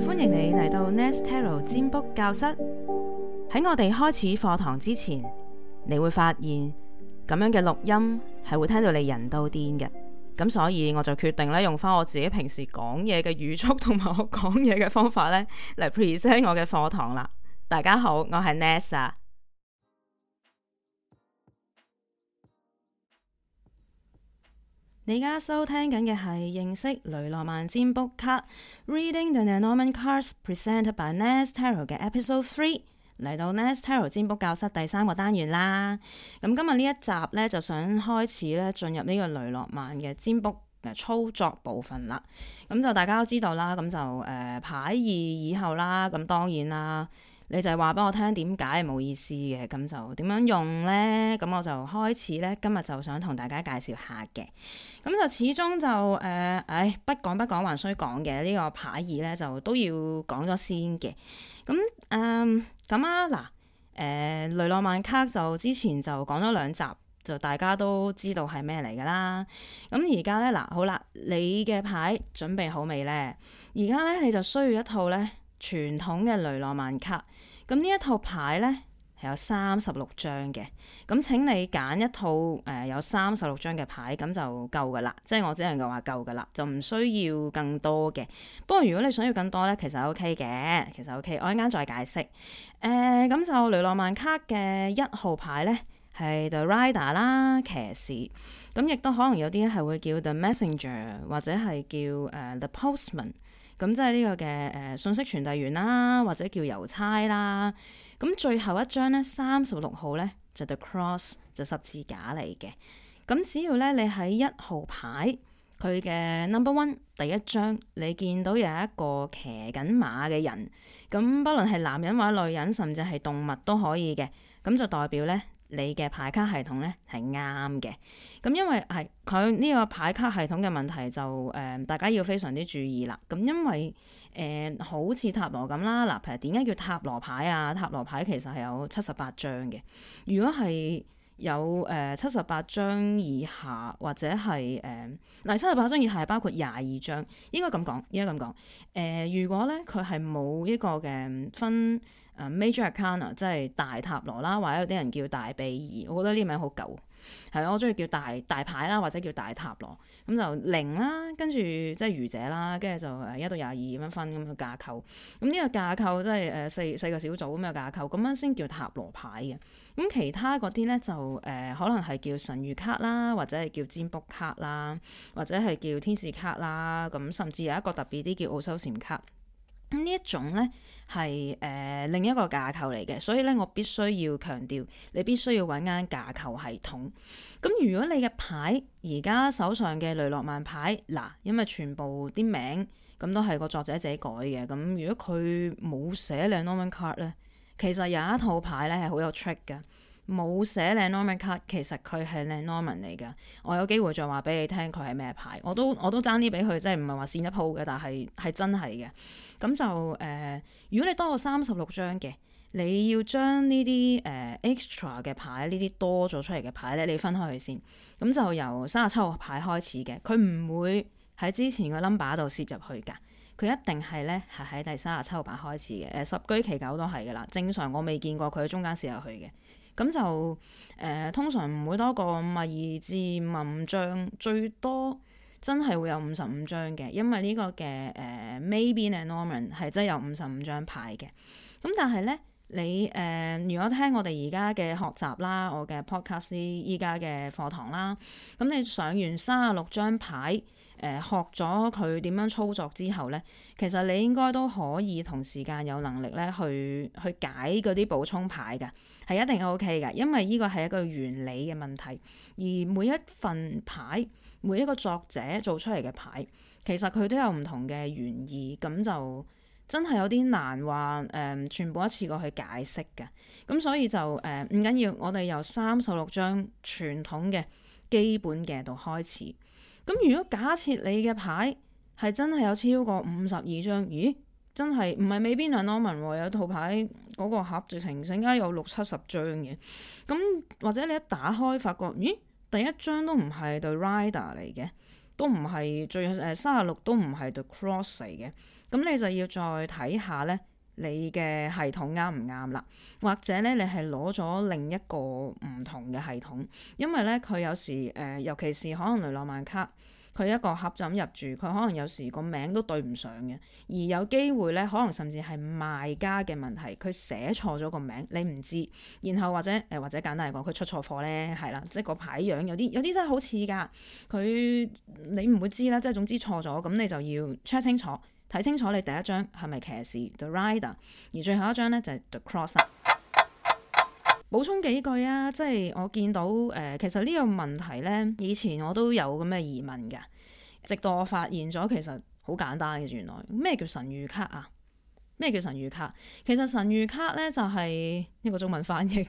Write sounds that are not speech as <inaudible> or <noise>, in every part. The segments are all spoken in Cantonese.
歡迎你嚟到 Nesta Tarot 占卜教室。喺我哋開始課堂之前，你會發現咁樣嘅錄音係會聽到你人到癲嘅。咁所以我就決定咧用翻我自己平時講嘢嘅語速同埋我講嘢嘅方法咧嚟 present 我嘅課堂啦。大家好，我係 Nesta 啊。你而家收聽緊嘅係認識雷諾曼占卜卡，Reading the Norman Cards presented by Nest Taro 嘅 Episode Three，嚟到 Nest Taro 占卜教室第三個單元啦。咁今日呢一集呢，就想開始咧進入呢個雷諾曼嘅占卜操作部分啦。咁就大家都知道啦，咁就誒排、呃、二以後啦，咁當然啦。你就係話俾我聽點解冇意思嘅，咁就點樣用呢？咁我就開始呢，今日就想同大家介紹下嘅。咁就始終就誒，唉、呃哎，不講不講還需講嘅呢個牌意呢，就都要講咗先嘅。咁嗯，咁、呃、啊嗱，誒、呃、雷諾曼卡就之前就講咗兩集，就大家都知道係咩嚟㗎啦。咁而家呢，嗱，好啦，你嘅牌準備好未呢？而家呢，你就需要一套呢。傳統嘅雷諾曼卡，咁呢一套牌呢，係有三十六張嘅，咁請你揀一套誒有三十六張嘅牌，咁就夠㗎喇，即係我只能夠話夠㗎喇，就唔需要更多嘅。不過如果你想要更多呢，其實 OK 嘅，其實 OK，我一陣間再解釋。誒、呃、咁就雷諾曼卡嘅一號牌呢，係 The Rider 啦，騎士，咁亦都可能有啲係會叫 The Messenger 或者係叫誒、uh, The Postman。咁即係呢個嘅誒、呃、信息傳遞員啦，或者叫郵差啦。咁最後一張呢，三十六號呢，就係、The Cross 就十字架嚟嘅。咁只要呢，你喺一號牌佢嘅 Number One 第一張，你見到有一個騎緊馬嘅人，咁不論係男人或者女人，甚至係動物都可以嘅，咁就代表呢。你嘅牌卡系統咧係啱嘅，咁因為係佢呢個牌卡系統嘅問題就誒，大家要非常之注意啦。咁因為誒、呃、好似塔羅咁啦，嗱譬如點解叫塔羅牌啊？塔羅牌其實係有七十八張嘅。如果係有誒七十八張以下，或者係誒嗱七十八張以下係包括廿二張，應該咁講，應該咁講。誒、呃、如果咧佢係冇呢一個嘅分。Major Arcana，即係大塔羅啦，或者有啲人叫大比爾，我覺得呢名好舊，係咯，我中意叫大大牌啦，或者叫大塔羅。咁就零啦，跟住即係愚者啦，跟住就誒一到廿二咁樣分咁嘅架構。咁呢個架構即係誒四四個小組咁嘅架構，咁樣先叫塔羅牌嘅。咁其他嗰啲咧就誒、呃、可能係叫神諭卡啦，或者係叫占卜卡啦，或者係叫天使卡啦，咁甚至有一個特別啲叫奧修禪卡。呢一種咧係誒另一個架構嚟嘅，所以咧我必須要強調，你必須要揾間架構系統。咁如果你嘅牌而家手上嘅雷諾曼牌，嗱，因為全部啲名咁都係個作者自己改嘅，咁如果佢冇寫兩 norman card 咧，其實有一套牌咧係好有 trick 嘅。冇寫 Lenormand 卡，其實佢係 Lenormand 嚟㗎。我有機會再話俾你聽，佢係咩牌我都我都爭啲俾佢，即係唔係話先一鋪嘅，但係係真係嘅。咁就誒、呃，如果你多過三十六張嘅，你要將呢啲誒 extra 嘅牌，呢啲多咗出嚟嘅牌咧，你分開佢先。咁就由三十七號牌開始嘅，佢唔會喺之前個 number 度攝入去㗎。佢一定係咧係喺第三十七號牌開始嘅。誒、呃、十居其九都係㗎啦。正常我未見過佢喺中間攝入去嘅。咁就誒、呃、通常唔會多過五十二至五五張，最多真係會有五十五張嘅，因為個、呃、Norman，呢個嘅誒 maybe enormous 係真有五十五張牌嘅。咁但係咧，你誒、呃、如果聽我哋而家嘅學習啦，我嘅 podcast 依家嘅課堂啦，咁你上完三十六張牌。誒學咗佢點樣操作之後咧，其實你應該都可以同時間有能力咧去去解嗰啲補充牌嘅，係一定 OK 嘅，因為呢個係一個原理嘅問題。而每一份牌，每一個作者做出嚟嘅牌，其實佢都有唔同嘅原意，咁就真係有啲難話誒、呃、全部一次過去解釋嘅。咁所以就誒唔、呃、緊要，我哋由三十六張傳統嘅基本嘅度開始。咁如果假設你嘅牌係真係有超過五十二張，咦？真係唔係美邊兩攞文喎？有套牌嗰個盒直情，剩家有六七十張嘅。咁或者你一打開，發覺咦？第一張都唔係對 Rider 嚟嘅，都唔係最誒三啊六都唔係對 Cross 嚟嘅。咁你就要再睇下呢。你嘅系統啱唔啱啦？或者咧，你係攞咗另一個唔同嘅系統，因為咧佢有時誒、呃，尤其是可能雷諾曼卡，佢一個盒枕入住，佢可能有時個名都對唔上嘅，而有機會咧，可能甚至係賣家嘅問題，佢寫錯咗個名，你唔知，然後或者誒、呃，或者簡單嚟講，佢出錯貨咧，係啦，即係個牌樣有啲有啲真係好似㗎，佢你唔會知啦，即係總之錯咗，咁你就要 check 清楚。睇清楚你第一張係咪騎士 The Rider，而最後一張咧就係 The Crosser。補充幾句啊，即係我見到誒、呃，其實呢個問題咧，以前我都有咁嘅疑問㗎。直到我發現咗，其實好簡單嘅，原來咩叫神諭卡啊？咩叫神諭卡？其實神諭卡咧就係一個中文翻譯，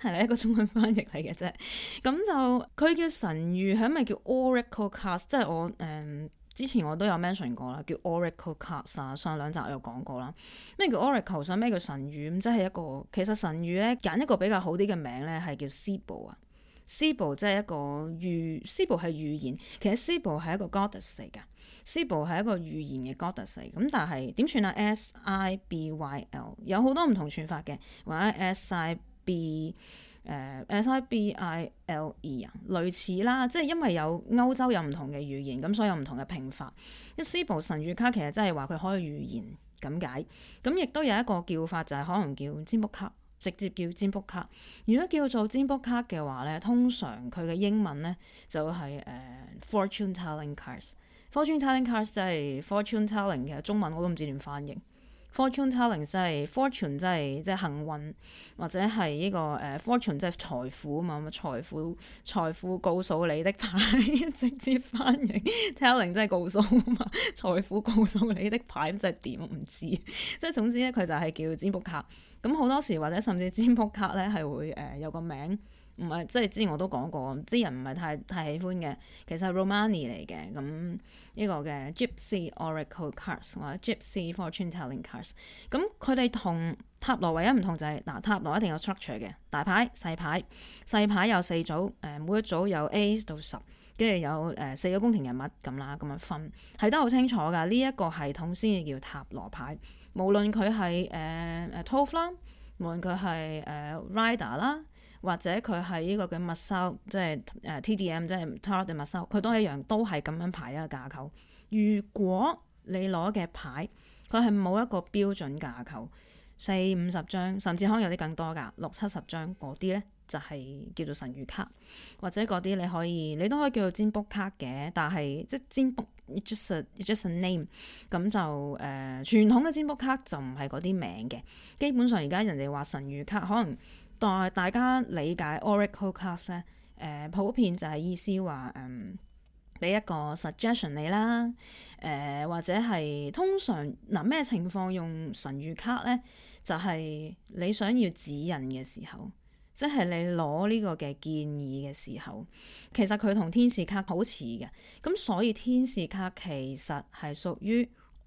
係啦，一個中文翻譯嚟嘅啫。咁就佢叫神諭係咪叫 Oracle Cast？即係我誒。呃之前我都有 mention 過啦，叫 Oracle Cards，上兩集我有講過啦。咩叫 Oracle？上咩叫神語咁？即係一個其實神語咧揀一個比較好啲嘅名咧係叫 Sibyl 啊。Sibyl 即係一個語 Sibyl 係語言，其實 Sibyl 係一個 goddess 嚟㗎。Sibyl 係一個語言嘅 goddess 嚟咁，但係點算啊？S I B Y L 有好多唔同串法嘅，或者 S I B 誒 s、uh, s i b i l e 啊，類似啦，即係因為有歐洲有唔同嘅語言，咁所以有唔同嘅拼法。咁司布神諭卡其實真係話佢可以預言咁解，咁亦都有一個叫法就係、是、可能叫占卜卡，直接叫占卜卡。如果叫做占卜卡嘅話咧，通常佢嘅英文咧就係、是、誒、uh, fortune telling cards。fortune telling cards 即係 fortune telling 嘅中文，我都唔知點翻譯。fortune telling 即係 fortune 即係即係幸運，或者係呢、這個誒、uh, fortune 即係財富啊嘛，咁財富，財富告訴你的牌，直接翻譯 telling 即係告訴啊嘛，財富告訴你的牌即係點唔知，即係總之咧佢就係叫占卜卡，咁好多時或者甚至占卜卡咧係會誒有個名。唔係，即係之前我都講過，啲人唔係太太喜歡嘅。其實係 Romani 嚟嘅，咁呢個嘅 Gypsy Oracle Cards 或者 Gypsy Fortune Telling Cards 咁佢哋同塔羅唯一唔同就係、係，嗱塔羅一定有 structure 嘅，大牌細牌，細牌有四組，誒每一組有 Ace 到十，跟住有誒四個宮廷人物咁啦，咁樣，咁樣分，係都好清楚㗎。呢、呢、一個系統先至叫塔羅牌，無論佢係誒誒 Thoth 啦，無論佢係誒 Rider 啦。或者佢係呢個嘅 Marseille，就是、M，即係誒 TDM，即係 Tarot 嘅 Marseille，佢都一樣，都係咁樣排一個架構。如果你攞嘅牌，佢係冇一個標準架構，四五十張，甚至可能有啲更多㗎，六七十張，嗰啲咧就係、是、叫做神諭卡，或者嗰啲你可以，你都可以叫做占卜卡嘅，但係即係占卜 it's just a, it's just a name，咁就誒、呃、傳統嘅占卜卡就唔係嗰啲名嘅，基本上而家人哋話神諭卡可能。但係大家理解 Oracle c a、呃、卡咧，誒普遍就係意思話，嗯，俾一個 suggestion 你啦，誒、呃、或者係通常嗱咩、呃、情況用神諭卡咧，就係、是、你想要指引嘅時候，即係你攞呢個嘅建議嘅時候，其實佢同天使卡好似嘅，咁所以天使卡其實係屬於。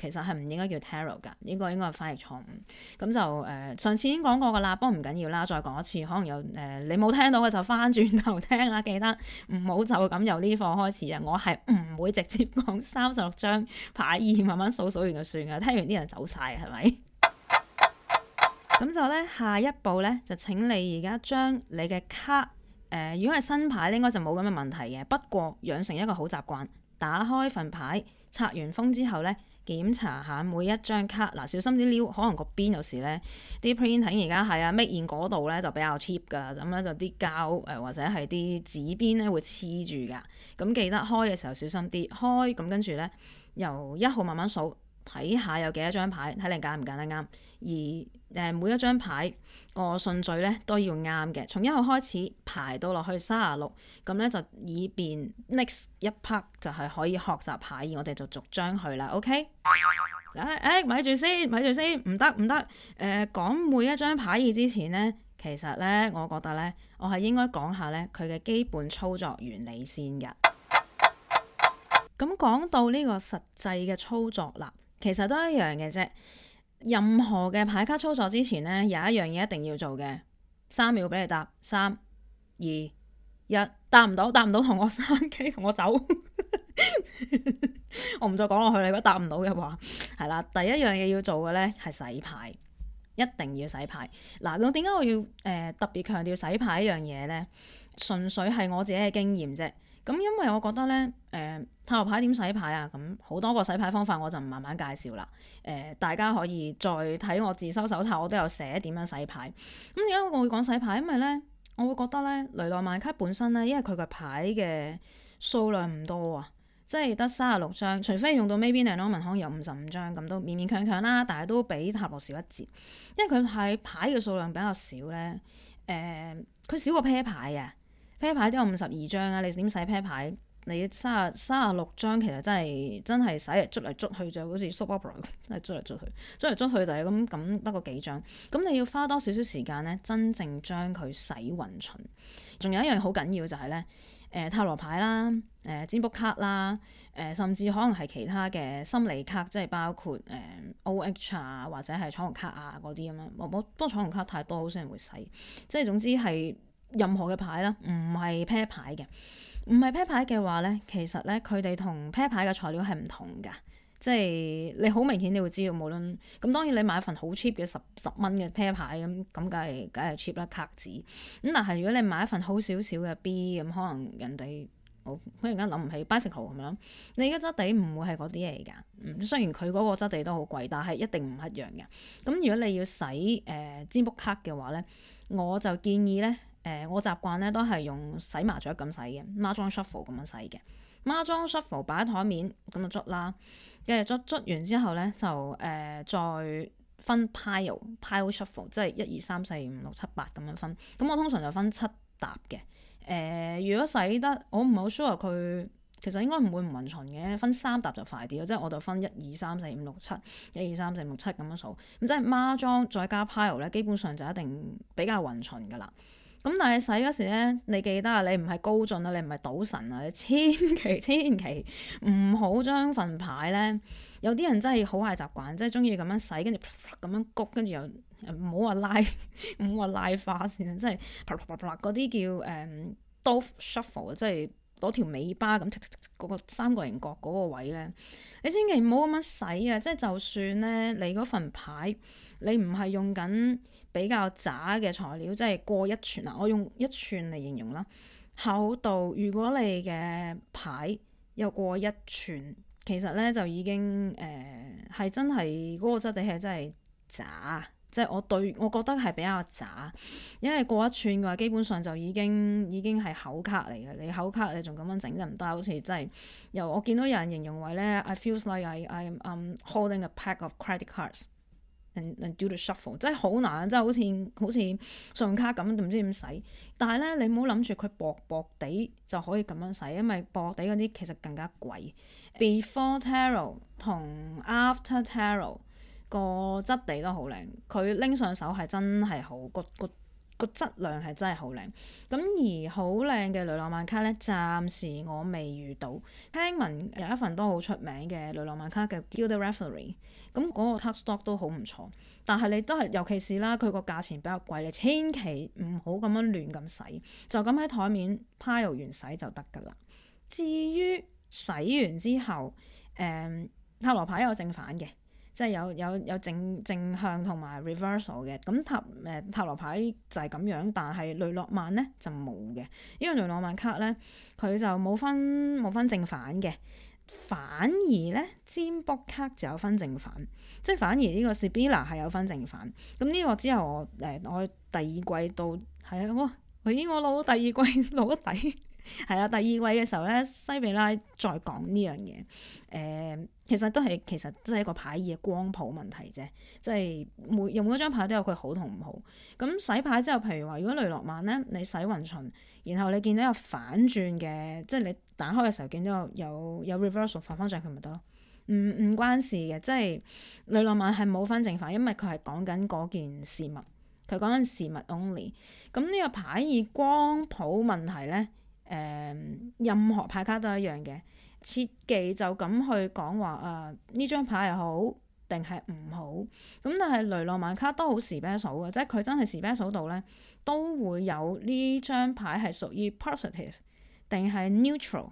其實係唔應該叫 Tarot 㗎，呢個應該係翻譯錯誤。咁就誒、呃，上次已經講過㗎啦，不過唔緊要啦，再講一次，可能有誒、呃、你冇聽到嘅就翻轉頭聽啦。記得唔好就咁由呢課開始啊！我係唔會直接講三十六張牌二，慢慢數數完就算㗎。聽完啲人走晒係咪？咁 <laughs> 就咧，下一步咧，就請你而家將你嘅卡誒、呃，如果係新牌，應該就冇咁嘅問題嘅。不過養成一個好習慣，打開份牌拆完封之後咧。檢查下每一張卡嗱、啊，小心啲撩，可能個邊有時咧啲 printing 而家係啊，made in 嗰度咧就比較 cheap 噶啦，咁咧就啲膠誒、呃、或者係啲紙邊咧會黐住噶，咁、啊、記得開嘅時候小心啲開，咁跟住咧由一號慢慢數。睇下有幾多張牌，睇你揀唔揀得啱。而誒、呃，每一張牌個順、哦、序咧都要啱嘅，從一號開始排到落去三十六咁咧，就以便 next 一 part 就係可以學習牌意，我哋就逐張去啦。OK？誒誒、哎，咪住先，咪住先，唔得唔得。誒，講、呃、每一張牌意之前咧，其實咧，我覺得咧，我係應該講下咧佢嘅基本操作原理先嘅。咁講、嗯、到呢個實際嘅操作啦。其實都一樣嘅啫，任何嘅牌卡操作之前呢，有一樣嘢一定要做嘅，三秒俾你答，三、二、一，答唔到答唔到同我生機，同我走， <laughs> 我唔再講落去。你如果答唔到嘅話，係啦，第一樣嘢要做嘅呢，係洗牌，一定要洗牌。嗱，咁點解我要誒、呃、特別強調洗牌一樣嘢呢？純粹係我自己嘅經驗啫。咁因為我覺得咧，誒、呃、塔羅牌點洗牌啊？咁好多個洗牌方法我就唔慢慢介紹啦。誒、呃、大家可以再睇我自修手冊，我都有寫點樣洗牌。咁點解我會講洗牌？因為咧，我會覺得咧，雷諾曼卡本身咧，因為佢個牌嘅數量唔多啊，即係得卅六張，除非用到 maybe another 文康有五十五張，咁都勉勉強強啦，但係都比塔羅少一截，因為佢喺牌嘅數量比較少咧。誒、呃，佢少個 pair 牌嘅。啤牌都有五十二張啊！你點洗啤牌？你三啊三啊六張，其實真係真係洗嚟捉嚟捉去，就好似 Super Pro <laughs> 咁，係捉嚟捉去，捉嚟捉去就係咁，咁得個幾張。咁你要花多少少時間咧，真正將佢洗混勻巡。仲有一樣好緊要就係、是、咧，誒、呃、塔羅牌啦，誒、呃、占卜卡啦，誒、呃、甚至可能係其他嘅心理卡，即係包括誒、呃、OH 啊，或者係彩虹卡啊嗰啲咁樣。我我不過彩虹卡太多，好少人會洗。即係總之係。任何嘅牌啦，唔係啤牌嘅，唔係啤牌嘅話咧，其實咧佢哋同啤牌嘅材料係唔同㗎，即係你好明顯，你會知道無論咁。當然你買一份好 cheap 嘅十十蚊嘅啤牌咁，咁梗係梗係 cheap 啦，卡紙咁。但係如果你買一份好少少嘅 B 咁，可能人哋我忽然間諗唔起 Bicycle 咁樣，你而家質地唔會係嗰啲嘢㗎。嗯，雖然佢嗰個質地都好貴，但係一定唔一樣嘅。咁如果你要使誒占卜卡嘅話咧，我就建議咧。誒、呃，我習慣咧都係用洗麻雀咁洗嘅，孖莊 shuffle 咁樣洗嘅，孖莊 shuffle 擺喺台面咁就抓啦。跟住抓抓完之後咧就誒、呃、再分 pile pile shuffle，即係一二三四五六七八咁樣分。咁我通常就分七沓嘅。誒、呃，如果洗得我唔好 sure 佢其實應該唔會唔混純嘅，分三沓就快啲咯。即係我就分一二三四五六七，一二三四五六七咁樣數。咁即係孖莊再加 pile 咧，基本上就一定比較混純噶啦。咁但係洗嗰時咧，你記得啊！你唔係高進啊，你唔係賭神啊，你千祈千祈唔好將份牌咧。有啲人真係好壞習慣，真係中意咁樣洗，跟住咁樣谷，跟住又唔好話拉，唔好話拉花先啊！真係嗰啲叫誒 double shuffle 啊，即係攞條尾巴咁嗰個三角形角嗰個位咧，你千祈唔好咁樣洗啊！即係就算咧，你嗰份牌。你唔係用緊比較渣嘅材料，即係過一寸啊！我用一寸嚟形容啦，厚度。如果你嘅牌又過一寸，其實咧就已經誒係、呃、真係嗰、那個質地係真係渣，即、就、係、是、我對我覺得係比較渣。因為過一寸嘅話，基本上就已經已經係口卡嚟嘅。你口卡你仲咁樣整得唔得？好似真係由我見到有人形容為咧，I feel like I I I'm、um, holding a pack of credit cards。能能做到 shuffle 真係好難，真係好似好似信用卡咁，都唔知點使。但係咧，你唔好諗住佢薄薄哋就可以咁樣使，因為薄薄地嗰啲其實更加貴。Uh, Before Tarot 同 After Tarot 個質地都好靚，佢拎上手係真係好 good good。個質量係真係好靚，咁而好靚嘅雷諾曼卡咧，暫時我未遇到。聽聞有一份都好出名嘅雷諾曼卡嘅 Gilded Reverie，咁嗰、那個 card stock 都好唔錯。但係你都係，尤其是啦，佢個價錢比較貴，你千祈唔好咁樣亂咁洗，就咁喺台面 pile 完洗就得噶啦。至於洗完之後，誒、嗯，塔羅牌有正反嘅。即係有有有正正向同埋 reversal 嘅，咁塔誒塔羅牌就係咁樣，但係雷諾曼咧就冇嘅。呢個雷諾曼卡咧，佢就冇分冇分正反嘅，反而咧占卜卡就有分正反，即係反而呢個 Sibilla 係有分正反。咁呢個之後我誒我第二季到係啊、哦哎，我已經我攞到第二季攞得抵。係啦，第二季嘅時候咧，西比拉再講呢樣嘢。誒、呃，其實都係，其實都係一個牌意嘅光譜問題啫。即係每用每一張牌都有佢好同唔好。咁、嗯、洗牌之後，譬如話如果雷諾曼咧，你洗勻巡，然後你見到有反轉嘅，即係你打開嘅時候見到有有，有 reversal 翻返上去咪得咯？唔唔關事嘅，即係雷諾曼係冇分正反，因為佢係講緊嗰件事物，佢講緊事物 only。咁呢個牌意光譜問題咧？誒，任何牌卡都一樣嘅，切忌就咁去講話啊，呢張牌係好定係唔好？咁但係雷諾曼卡都好 special 嘅，即係佢真係 special 到咧，都會有呢張牌係屬於 positive，定係 neutral，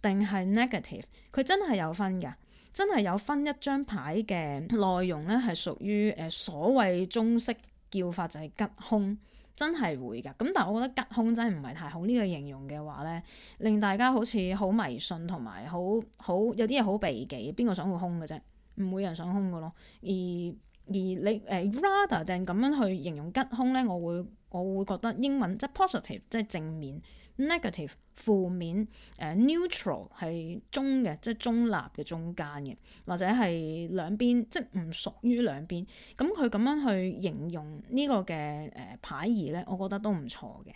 定係 negative。佢真係有分嘅，真係有分一張牌嘅內容咧係屬於誒所謂中式叫法就係、是、吉凶。真係會㗎，咁但係我覺得吉兇真係唔係太好呢個形容嘅話咧，令大家好似好迷信同埋好好有啲嘢好避忌，邊個想會兇嘅啫？唔會有人想兇嘅咯。而而你誒、呃、rather than 咁樣去形容吉兇咧，我會我會覺得英文即係 positive，即係正面。negative 負面、uh，neutral 係中嘅，即係中立嘅中間嘅，或者係兩邊，即係唔屬於兩邊。咁佢咁樣去形容個、呃、呢個嘅誒牌意咧，我覺得都唔錯嘅。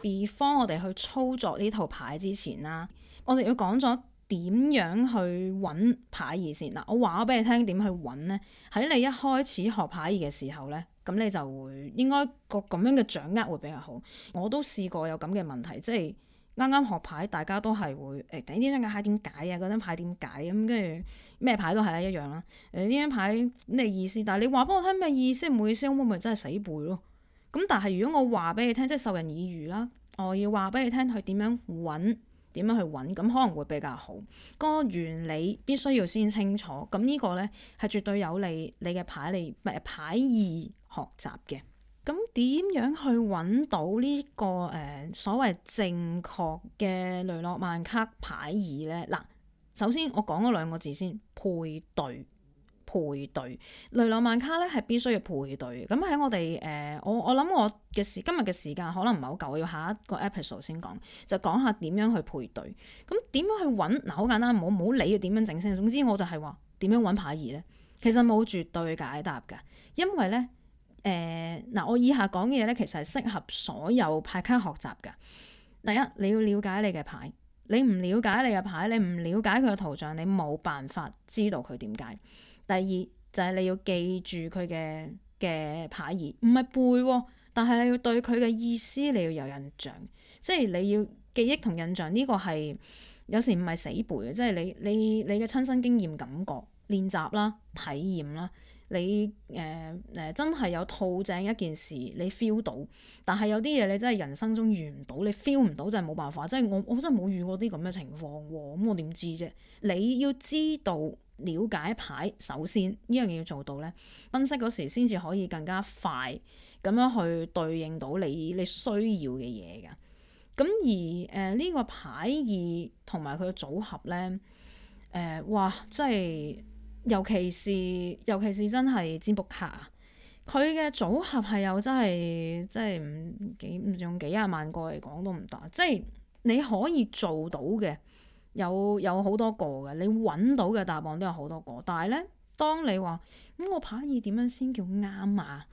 Before 我哋去操作呢套牌之前啦，我哋要講咗點樣去揾牌意先嗱。我話咗俾你聽點去揾咧，喺你一開始學牌意嘅時候咧。咁你就會應該個咁樣嘅掌握會比較好。我都試過有咁嘅問題，即係啱啱學牌，大家都係會誒第、欸、一張牌點解啊，嗰張牌點解咁，跟住咩牌都係一樣啦。誒呢張牌咩意思？但係你話俾我聽咩意思，唔好意思，我咪真係死背咯。咁但係如果我話俾你聽，即係授人以魚啦，我要話俾你聽佢點樣揾。點樣去揾？咁可能會比較好。個原理必須要先清楚。咁呢個呢，係絕對有利你嘅牌，你誒牌意學習嘅。咁點樣去揾到呢、呢個誒、呃、所謂正確嘅雷諾曼卡牌意呢？嗱，首先我講嗰兩個字先，配對。配對雷諾曼卡咧，係必須要配對。咁喺我哋誒、呃，我我諗我嘅時今日嘅時間可能唔係好夠，我要下一個 episode 先講，就講下點樣去配對。咁點樣去揾嗱？好、啊、簡單，唔好理佢點樣整先。總之我就係話點樣揾牌二咧，其實冇絕對解答嘅，因為咧誒嗱，我以下講嘅嘢咧，其實係適合所有牌卡學習嘅。第一，你要了解你嘅牌，你唔了解你嘅牌，你唔了解佢嘅圖像，你冇辦法知道佢點解。第二就係、是、你要記住佢嘅嘅牌義，唔係背、哦，但係你要對佢嘅意思你要有印象，即、就、係、是、你要記憶同印象呢、這個係有時唔係死背嘅，即、就、係、是、你你你嘅親身經驗感覺練習啦體驗啦，你誒誒、呃、真係有套正一件事你 feel 到，但係有啲嘢你真係人生中遇唔到，你 feel 唔到就係冇辦法。即、就、係、是、我我真係冇遇過啲咁嘅情況喎，咁我點知啫？你要知道。了解牌，首先呢樣嘢要做到咧，分析嗰時先至可以更加快咁樣去對應到你你需要嘅嘢嘅。咁而誒呢、呃這個牌意同埋佢嘅組合咧，誒、呃、哇，真係尤其是尤其是真係占卜卡，佢嘅組合係有真係，即係唔幾唔用幾廿萬個嚟講都唔多，即係你可以做到嘅。有有好多個嘅，你揾到嘅答案都有好多個，但係咧，當你話咁我牌意點樣先叫啱啊？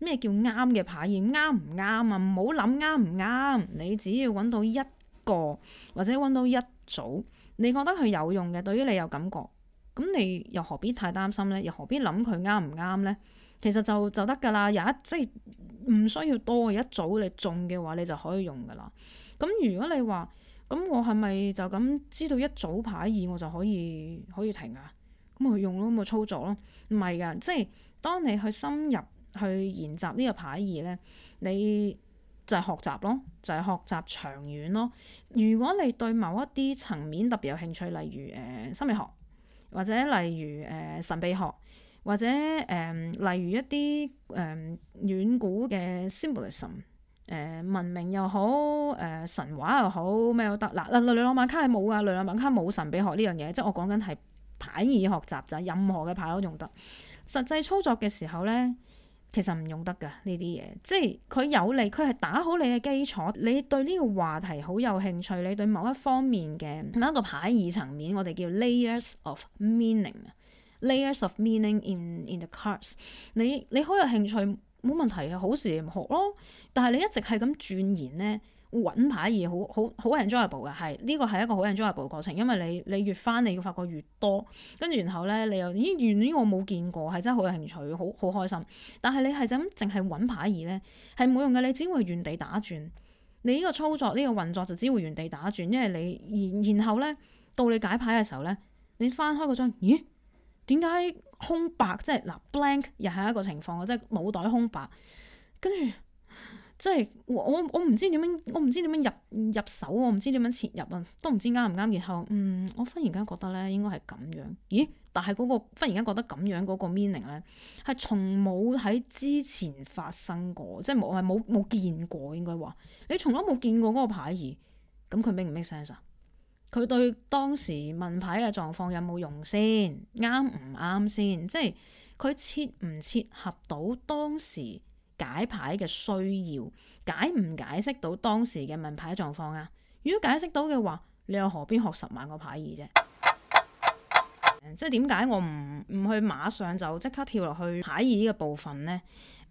咩叫啱嘅牌意？啱唔啱啊？唔好諗啱唔啱，你只要揾到一個或者揾到一組，你覺得佢有用嘅，對於你有感覺，咁你又何必太擔心咧？又何必諗佢啱唔啱咧？其實就就得㗎啦，有一即係唔需要多嘅一組你中嘅話，你就可以用㗎啦。咁如果你話，咁我係咪就咁知道一組牌意我就可以可以停啊？咁我用咯，咁我操作咯。唔係噶，即係當你去深入去研習呢個牌意咧，你就係學習咯，就係、是、學習長遠咯。如果你對某一啲層面特別有興趣，例如誒、呃、心理學，或者例如誒神秘學，或者誒例如一啲誒遠古嘅 symbolism。誒，文明又好，誒神話又好，咩都得。嗱，雷雷諾曼卡係冇啊，雷諾曼卡冇神秘學呢樣嘢，即係我講緊係牌意學習就係任何嘅牌都用得。實際操作嘅時候咧，其實唔用得噶呢啲嘢，即係佢有利，佢係打好你嘅基礎。你對呢個話題好有興趣，你對某一方面嘅某一個牌意層面，我哋叫 layers of meaning, layers of meaning in in the cards 你。你你好有興趣。冇問題啊，好事學咯。但係你一直係咁鑽研呢，揾牌易好好好 enjoyable 嘅，係呢個係一個好 enjoyable 嘅過程。因為你你越翻，你會發覺越多。跟住然後呢，你又咦，原來我冇見過，係真係好有興趣，好好開心。但係你係就咁淨係揾牌易呢，係冇用嘅。你只會原地打轉。你呢個操作呢、呢個運作就只會原地打轉，因為你然然後呢，到你解牌嘅時候呢，你翻開個張，咦？點解？空白即係嗱 blank 又係一個情況，即係腦袋空白，跟住即係我我唔知點樣，我唔知點樣入入手，我唔知點樣切入啊，都唔知啱唔啱。然後嗯，我忽然間覺得咧，應該係咁樣。咦？但係嗰個忽然間覺得咁樣嗰個 meaning 咧，係從冇喺之前發生過，即係冇係冇冇見過應該話，你從來冇見過嗰個牌兒，咁佢 make 唔 make sense 啊？佢對當時問牌嘅狀況有冇用先？啱唔啱先？即係佢切唔切合到當時解牌嘅需要？解唔解釋到當時嘅問牌狀況啊？如果解釋到嘅話，你又何必學十萬個牌意啫？ <noise> 即係點解我唔唔去馬上就即刻跳落去牌意嘅部分呢？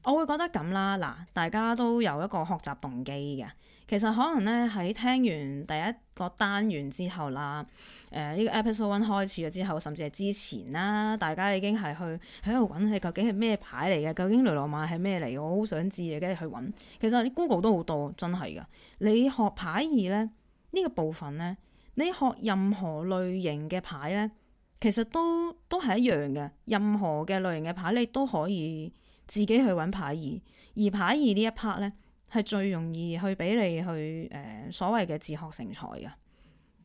我會覺得咁啦，嗱，大家都有一個學習動機嘅。其實可能咧喺聽完第一個單元之後啦，誒、呃，呢個 Episode One 開始咗之後，甚至係之前啦，大家已經係去喺度揾，係究竟係咩牌嚟嘅？究竟雷諾曼係咩嚟嘅？我好想知嘅，跟住去揾。其實你 Google 都好多，真係噶。你學牌二咧，呢個部分咧，你學任何類型嘅牌咧，其實都都係一樣嘅。任何嘅類型嘅牌你都可以。自己去揾牌二，而牌二呢一 part 咧，係最容易去俾你去誒、呃、所謂嘅自學成才嘅。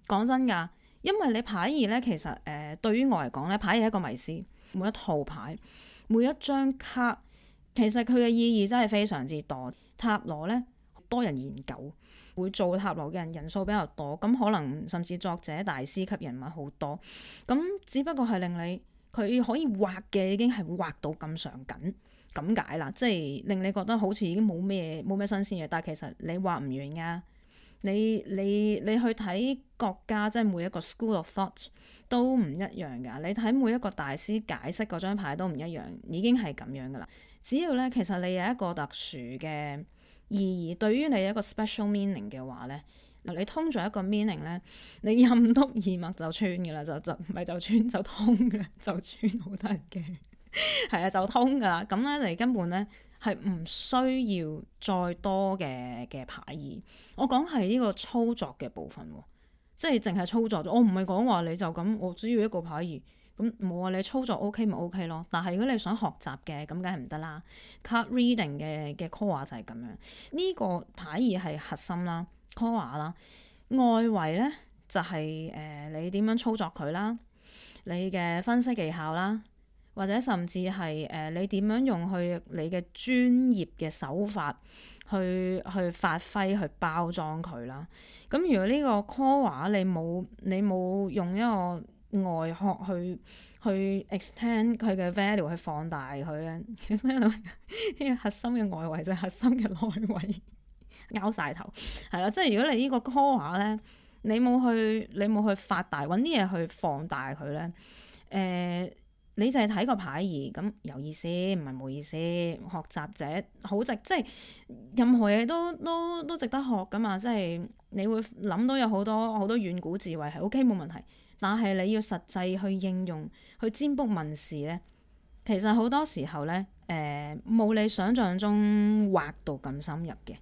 講真噶，因為你牌二咧，其實誒、呃、對於我嚟講咧，牌二係一個迷思。每一套牌，每一張卡，其實佢嘅意義真係非常之多。塔羅咧，多人研究，會做塔羅嘅人人數比較多，咁可能甚至作者大師級人物好多。咁只不過係令你。佢可以畫嘅已經係畫到咁上緊咁解啦，即係令你覺得好似已經冇咩冇咩新鮮嘢。但係其實你畫唔完㗎，你你你去睇國家即係每一個 school of thought 都唔一樣㗎。你睇每一個大師解釋嗰張牌都唔一樣，已經係咁樣㗎啦。只要咧，其實你有一個特殊嘅意義，對於你有一個 special meaning 嘅話咧。你通咗一個 meaning 咧，你任督二脈就穿噶啦，就就唔係就穿就通噶，就穿好得人驚，係啊，就通噶啦。咁咧，你根本咧係唔需要再多嘅嘅牌意。我講係呢個操作嘅部分，即係淨係操作咗。我唔係講話你就咁，我只要一個牌意咁冇啊。你操作 O K 咪 O K 咯。但係如果你想學習嘅咁，梗係唔得啦。Card reading 嘅嘅 core 就係咁樣。呢個牌意係核心啦。Core 啦，外圍咧就係誒你點樣操作佢啦，你嘅分析技巧啦，或者甚至係誒你點樣用去你嘅專業嘅手法去去發揮去包裝佢啦。咁如果呢個 core 你冇你冇用一個外殼去去 extend 佢嘅 value 去放大佢咧，呢 <laughs> 個核心嘅外圍就係核心嘅內圍。拗晒頭，係啦。即係如果你呢個科話咧，你冇去，你冇去，去放大揾啲嘢去放大佢咧，誒、呃，你就係睇個牌而咁有意思，唔係冇意思。學習者好值，即係任何嘢都都都值得學噶嘛。即係你會諗到有好多好多遠古智慧係 OK，冇問題，但係你要實際去應用去占卜問事咧，其實好多時候咧，誒、呃、冇你想象中畫到咁深入嘅。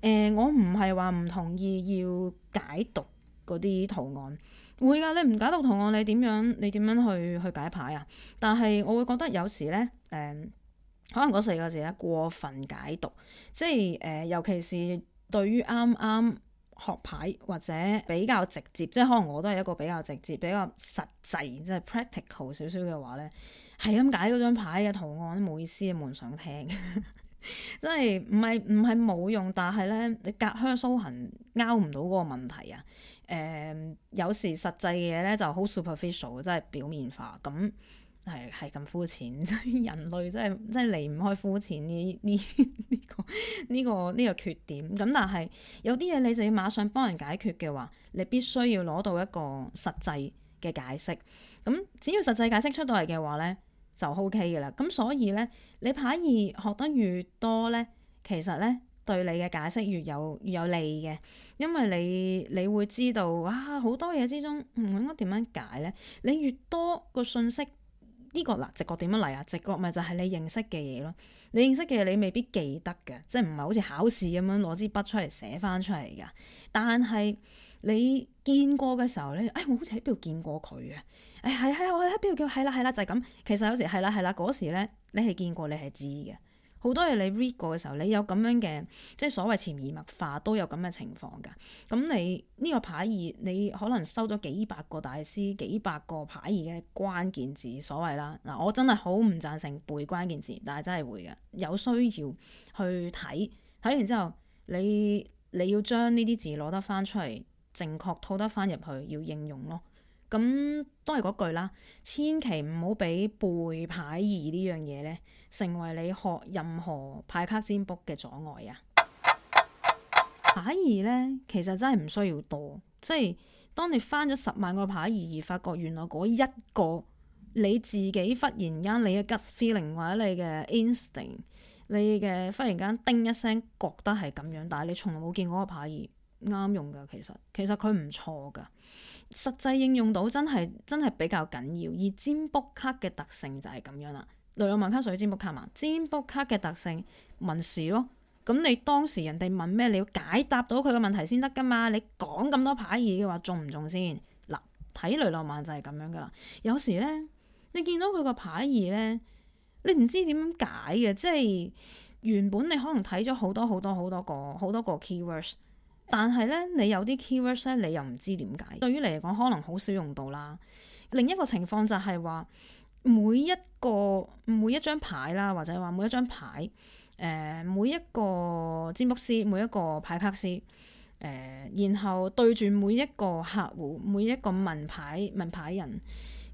誒、呃，我唔係話唔同意要解讀嗰啲圖案，會㗎。你唔解讀圖案，你點樣？你點樣去去解牌啊？但係我會覺得有時咧，誒、呃，可能嗰四個字咧，過分解讀，即係誒、呃，尤其是對於啱啱學牌或者比較直接，即係可能我都係一個比較直接、比較實際，即係 practical 少少嘅話咧，係咁解嗰張牌嘅圖案都冇意思，冇人想聽。 <laughs> 真係唔係唔係冇用，但係咧，你隔靴搔痕撓唔到嗰個問題啊！誒、呃，有時實際嘅嘢咧就好 superficial，即係表面化，咁係係咁膚淺，即係人類真係真係離唔開膚淺呢呢呢個呢個呢個缺點。咁但係有啲嘢你就要馬上幫人解決嘅話，你必須要攞到一個實際嘅解釋。咁只要實際解釋出到嚟嘅話咧。就 O K 嘅啦。咁所以咧，你牌義學得越多咧，其實咧對你嘅解釋越有越有利嘅，因為你你會知道啊，好多嘢之中，唔、嗯、應該點樣解咧。你越多個信息呢、呢個嗱直覺點樣嚟啊？直覺咪就係你認識嘅嘢咯。你認識嘅嘢你未必記得嘅，即係唔係好似考試咁樣攞支筆出嚟寫翻出嚟噶？但係。你見過嘅時候，你、哎、誒我好似喺邊度見過佢啊？誒係係啊，我喺邊度見過？係啦係啦，就係咁。其實有時係啦係啦，嗰時咧你係見過，你係知嘅好多嘢。你 read 過嘅時候，你有咁樣嘅即係所謂潛移默化，都有咁嘅情況㗎。咁你呢個牌意，你可能收咗幾百個大師、幾百個牌意嘅關鍵字，所謂啦嗱，我真係好唔贊成背關鍵字，但係真係會嘅有需要去睇睇完之後，你你要將呢啲字攞得翻出嚟。正確套得翻入去要應用咯，咁都係嗰句啦，千祈唔好俾背牌二呢樣嘢呢，成為你學任何牌卡占卜嘅阻礙啊！2 牌二呢，其實真係唔需要多，即係當你翻咗十萬個牌二，而發覺原來嗰一個你自己忽然間你嘅 gut feeling 或者你嘅 instinct，你嘅忽然間叮一聲覺得係咁樣，但係你從來冇見過個牌二。啱用噶，其實其實佢唔錯噶，實際應用到真係真係比較緊要。而占卜卡嘅特性就係咁樣啦。雷諾曼卡屬於占卜卡嘛？占卜卡嘅特性問事咯，咁你當時人哋問咩，你要解答到佢嘅問題先得噶嘛？你講咁多牌意嘅話中唔中先？嗱，睇雷諾曼就係咁樣噶啦。有時咧，你見到佢個牌意咧，你唔知點解嘅，即係原本你可能睇咗好多好多好多個好多個 keywords。但係咧，你有啲 key words 咧，你又唔知點解。對於你嚟講，可能好少用到啦。另一個情況就係話，每一個每一張牌啦，或者話每一張牌，誒、呃、每一個占卜師，每一個牌卡師，誒、呃，然後對住每一個客戶，每一個問牌問牌人，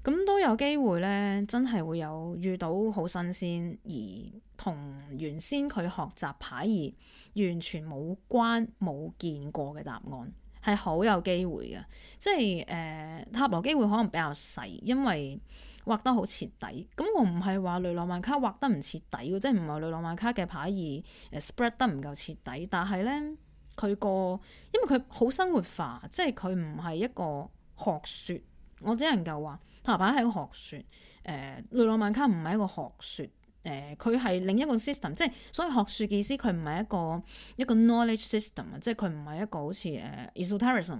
咁都有機會咧，真係會有遇到好新鮮而。同原先佢學習牌義完全冇關，冇見過嘅答案係好有機會嘅。即係誒、呃、塔羅機會可能比較細，因為畫得好徹底。咁我唔係話雷諾曼卡畫得唔徹底，即係唔係雷諾曼卡嘅牌義誒 spread 得唔夠徹底。但係呢，佢個因為佢好生活化，即係佢唔係一個學説，我只能夠話塔羅牌係一個學説，誒、呃、雷諾曼卡唔係一個學説。誒，佢係另一個 system，即係所以學術意思佢唔係一個、呃呃呃、一個 knowledge system 啊，即係佢唔係一個好似誒 esotericism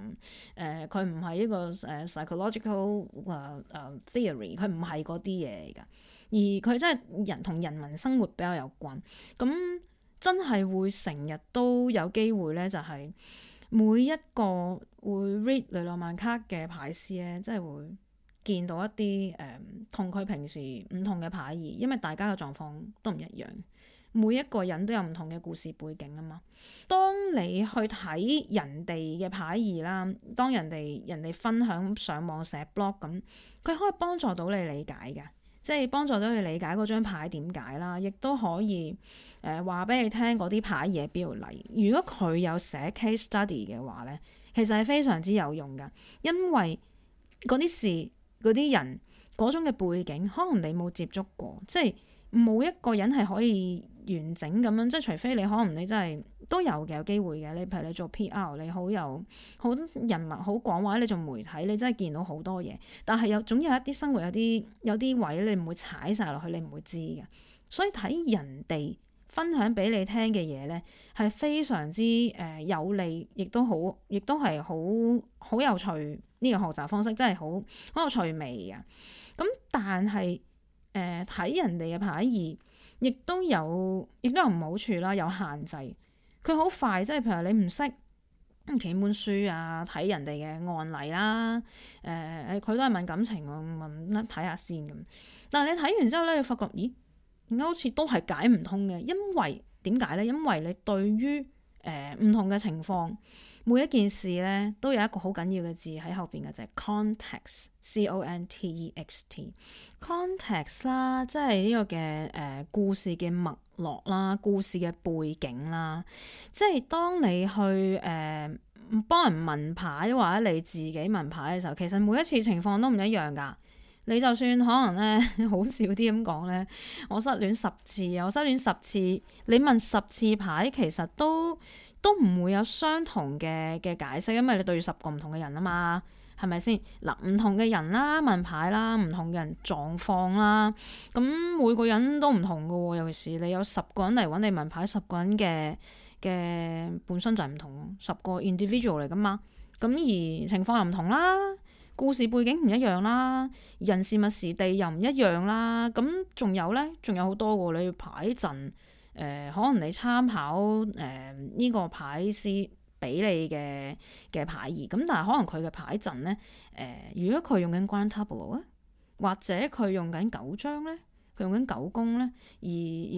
誒佢唔係一個誒 psychological 誒、uh，誒、uh, theory，佢唔係嗰啲嘢嚟㗎，而佢真係人同人民生活比較有關，咁真係會成日都有機會咧，就係每一個會 read 雷諾曼卡嘅牌師咧，真係會。見到一啲誒同佢平時唔同嘅牌意，因為大家嘅狀況都唔一樣，每一個人都有唔同嘅故事背景啊嘛。當你去睇人哋嘅牌意啦，當人哋人哋分享上網寫 blog 咁，佢可以幫助到你理解嘅，即係幫助到你理解嗰張牌點解啦，亦都可以誒話俾你聽嗰啲牌嘢喺邊度嚟。如果佢有寫 case study 嘅話咧，其實係非常之有用噶，因為嗰啲事。嗰啲人嗰種嘅背景，可能你冇接觸過，即係冇一個人係可以完整咁樣，即係除非你可能你真係都有嘅，有機會嘅。你譬如你做 PR，你好有好人物，好廣話，你做媒體，你真係見到好多嘢。但係有總有一啲生活有啲有啲位，你唔會踩晒落去，你唔會知嘅。所以睇人哋分享俾你聽嘅嘢咧，係非常之誒、呃、有利，亦都好，亦都係好好有趣。呢個學習方式真係好好有趣味啊！咁但係誒睇人哋嘅牌意亦都有，亦都有唔好處啦，有限制。佢好快，即係譬如你唔識企本書啊，睇人哋嘅案例啦，誒誒佢都係問感情，問睇下先咁。但係你睇完之後咧，你發覺咦，好似都係解唔通嘅，因為點解咧？因為你對於誒唔同嘅情況。每一件事咧，都有一個好緊要嘅字喺後邊嘅，就係、是、context，c-o-n-t-e-x-t，context 啦，o N T e X、cont ext，即係呢個嘅誒故事嘅脈絡啦，故事嘅背景啦，即係當你去誒、呃、幫人問牌或者你自己問牌嘅時候，其實每一次情況都唔一樣㗎。你就算可能咧 <laughs> 好少啲咁講咧，我失戀十次，我失戀十次，你問十次牌，其實都。都唔會有相同嘅嘅解釋，因為你對住十個唔同嘅人啊嘛，係咪先？嗱，唔同嘅人啦，問牌啦，唔同嘅人狀況啦，咁每個人都唔同㗎喎，尤其是你有十個人嚟搵你問牌，十個人嘅嘅本身就係唔同，十個 individual 嚟㗎嘛。咁而情況又唔同啦，故事背景唔一樣啦，人事物時地又唔一樣啦，咁仲有呢，仲有好多喎，你要排陣。誒、呃、可能你參考誒呢、呃這個牌師俾你嘅嘅牌意，咁但係可能佢嘅牌陣咧，誒、呃、如果佢用緊 Grand Tableau 咧，或者佢用緊九張咧，佢用緊九宮咧，而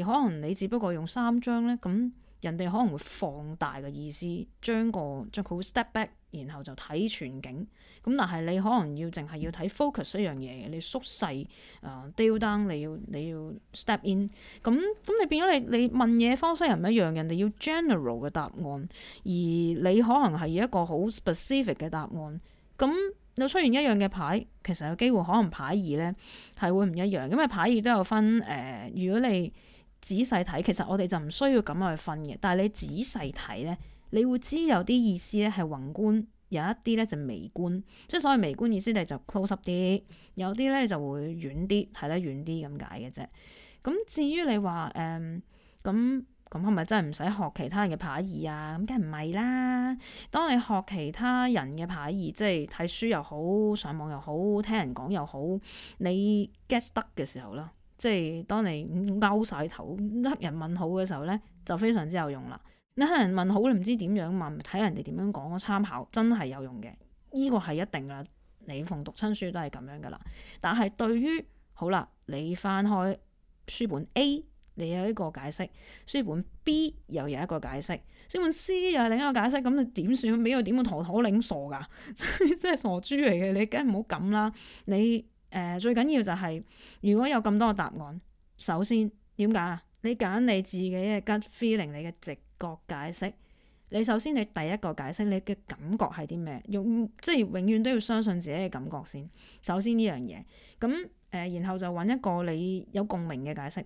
而可能你只不過用三張咧，咁人哋可能會放大嘅意思，將個將佢會 step back，然後就睇全景。咁但係你可能要淨係要睇 focus 一樣嘢，你縮細啊、uh, deal down，你要你要 step in。咁咁你變咗你你問嘢方式又唔一樣，人哋要 general 嘅答案，而你可能係一個好 specific 嘅答案。咁又出現一樣嘅牌，其實有機會可能牌二咧係會唔一樣，因為牌二都有分誒、呃。如果你仔細睇，其實我哋就唔需要咁去分嘅，但係你仔細睇咧，你會知有啲意思咧係宏觀。有一啲咧就微觀，即係所謂微觀意思，你就 close up 啲；有啲咧就會遠啲，睇得遠啲咁解嘅啫。咁至於你話誒咁咁係咪真係唔使學其他人嘅牌意啊？咁梗係唔係啦？當你學其他人嘅牌意，即係睇書又好，上網又好，聽人講又好，你 get 得嘅時候啦，即係當你勾晒頭呃人問好嘅時候咧，就非常之有用啦。你可能問好，你唔知點樣問，睇人哋點樣講，參考真係有用嘅。呢個係一定噶啦，你逢讀親書都係咁樣噶啦。但係對於好啦，你翻開書本 A，你有一個解釋；書本 B 又有一個解釋，書本 C 又係另一個解釋，咁你點算？俾我點個陀陀擰 <laughs> 傻噶，真係傻豬嚟嘅，你梗係唔好咁啦。你誒、呃、最緊要就係如果有咁多答案，首先點解啊？你揀你自己嘅 gut feeling，你嘅直覺解釋。你首先你第一個解釋，你嘅感覺係啲咩？用即永即係永遠都要相信自己嘅感覺先。首先呢樣嘢，咁誒、呃，然後就揾一個你有共鳴嘅解釋。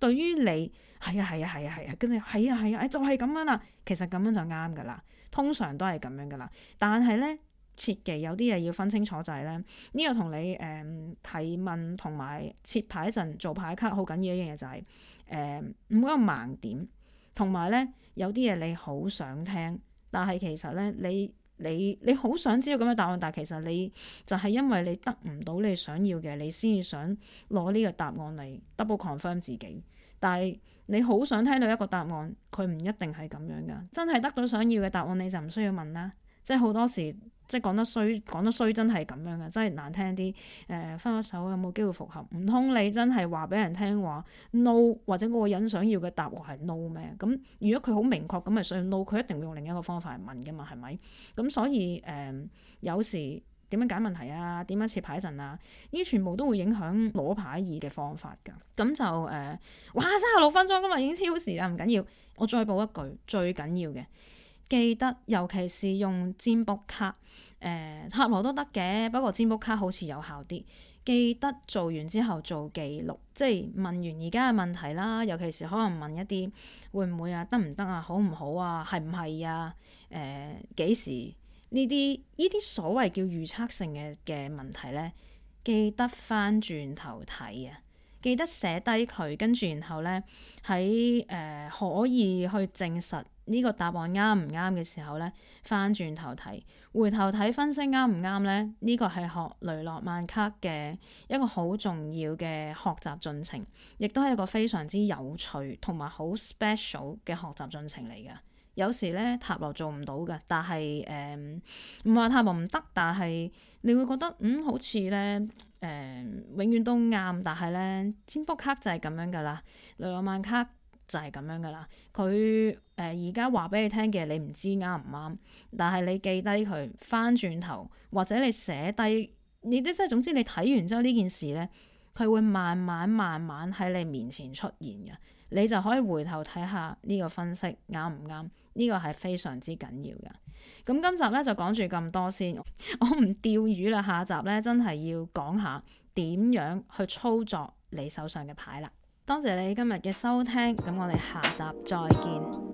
對於你係啊係啊係啊係啊，跟住係啊係啊，啊，啊，啊，啊，就係、是、咁樣啦。其實咁樣就啱噶啦，通常都係咁樣噶啦。但係咧。切忌有啲嘢要分清楚，就是，就係咧呢個同你誒、呃、提問同埋切牌一陣做牌卡好緊要一樣嘢，就係誒唔好有盲點。同埋咧有啲嘢你好想聽，但係其實咧你你你好想知道咁嘅答案，但係其實你就係、是、因為你得唔到你想要嘅，你先至想攞呢個答案嚟 double confirm 自己。但係你好想聽到一個答案，佢唔一定係咁樣㗎。真係得到想要嘅答案，你就唔需要問啦。即係好多時。即係講得衰，講得衰真係咁樣嘅，真係難聽啲。誒、呃，分分手有冇機會復合？唔通你真係話俾人聽話 no，或者嗰個人想要嘅答案係 no 咩？咁如果佢好明確咁咪想 no，佢一定會用另一個方法嚟問嘅嘛，係咪？咁所以誒、呃，有時點樣解，解問題啊？點樣設牌陣啊？呢啲全部都會影響攞牌易嘅方法㗎。咁就誒、呃，哇，三十六分鐘㗎嘛，已經超時啦，唔緊要。我再補一句，最緊要嘅。記得，尤其是用占卜卡，誒、呃、塔羅都得嘅，不過占卜卡好似有效啲。記得做完之後做記錄，即係問完而家嘅問題啦，尤其是可能問一啲會唔會啊、得唔得啊、好唔好啊、係唔係啊、誒、呃、幾時呢啲呢啲所謂叫預測性嘅嘅問題咧，記得返轉頭睇啊！記得寫低佢，跟住然後咧，喺，誒，可以去證實呢個答案啱唔啱嘅時候咧，翻轉頭睇，回頭睇分析啱唔啱咧？呢個係學雷諾曼卡嘅一個好重要嘅學習進程，亦都係一個非常之有趣同埋好 special 嘅學習進程嚟噶。有時咧塔羅做唔到嘅，但係誒，唔話塔羅唔得，但係你會覺得，嗯，好似咧。誒、嗯、永遠都啱，但係咧，占卜卡就係咁樣噶啦，雷諾曼卡就係咁樣噶啦。佢誒而家話俾你聽嘅，你唔知啱唔啱，但係你記低佢，翻轉頭或者你寫低，你即係總之你睇完之後呢件事咧，佢會慢慢慢慢喺你面前出現嘅，你就可以回頭睇下呢個分析啱唔啱，呢個係非常之緊要嘅。咁今集咧就講住咁多先，我唔釣魚啦，下集咧真係要講下點樣去操作你手上嘅牌啦。多謝你今日嘅收聽，咁我哋下集再見。